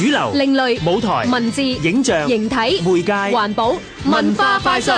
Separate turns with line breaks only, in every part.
主流、另類、舞台、文字、影像、形體、媒介、環保、文化快訊。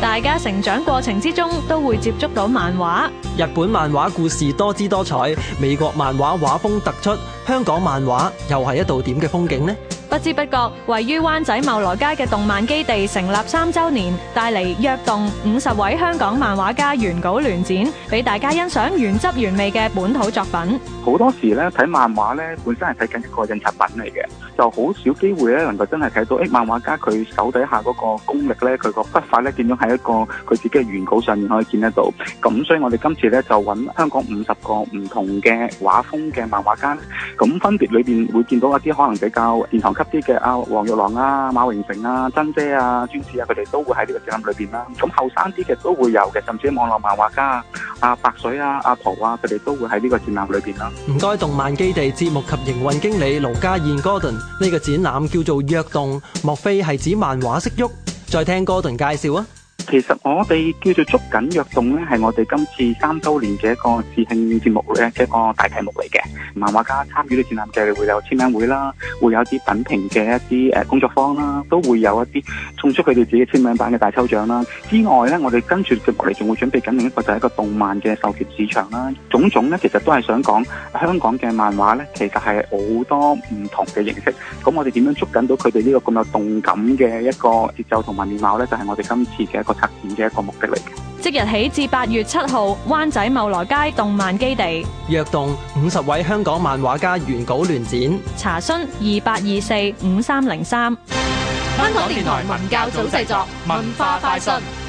大家成長過程之中都會接觸到漫畫。
日本漫畫故事多姿多彩，美國漫畫畫風突出，香港漫畫又係一道點嘅風景呢？
不知不覺，位於灣仔茂羅街嘅動漫基地成立三周年，帶嚟約動五十位香港漫畫家原稿聯展，俾大家欣賞原汁原味嘅本土作品。
好多時咧睇漫畫咧，本身係睇緊一個印刷品嚟嘅，就好少機會咧能夠真係睇到誒、欸、漫畫家佢手底下個功力咧，佢個筆法咧，見咗喺一個佢自己嘅原稿上面可以見得到。咁所以我哋今次咧就揾香港五十個唔同嘅畫風嘅漫畫家，咁分別裏邊會見到一啲可能比較殿堂級。啲嘅阿黃玉郎啊、馬榮成啊、珍姐啊、尊子啊，佢哋都會喺呢個展覽裏邊啦。咁後生啲嘅都會有嘅，甚至網絡漫畫家阿白水啊、阿塗啊，佢哋都會喺呢個展覽裏邊啦。
唔該，動漫基地節目及營運經理盧家燕 Gordon，呢個展覽叫做躍動，莫非係指漫畫識喐？再聽 Gordon 介紹啊。
其實我哋叫做捉緊躍動咧，係我哋今次三周年嘅一個節慶節目咧嘅一個大題目嚟嘅。漫畫家參與呢個展覽嘅會有簽名會啦，會有一啲品評嘅一啲誒工作坊啦，都會有一啲送出佢哋自己簽名版嘅大抽獎啦。之外咧，我哋跟住節目嚟仲會準備緊另一個就係、是、一個動漫嘅授權市場啦。種種咧，其實都係想講香港嘅漫畫咧，其實係好多唔同嘅形式。咁我哋點樣捉緊到佢哋呢個咁有動感嘅一個節奏同埋面貌咧？就係、是、我哋今次嘅一個。策展嘅一個目的嚟
嘅，即日起至八月七號，灣仔茂萊街動漫基地
約動五十位香港漫畫家原稿聯展，
查詢二八二四五三零三。
香港電台文教組製作，文化快訊。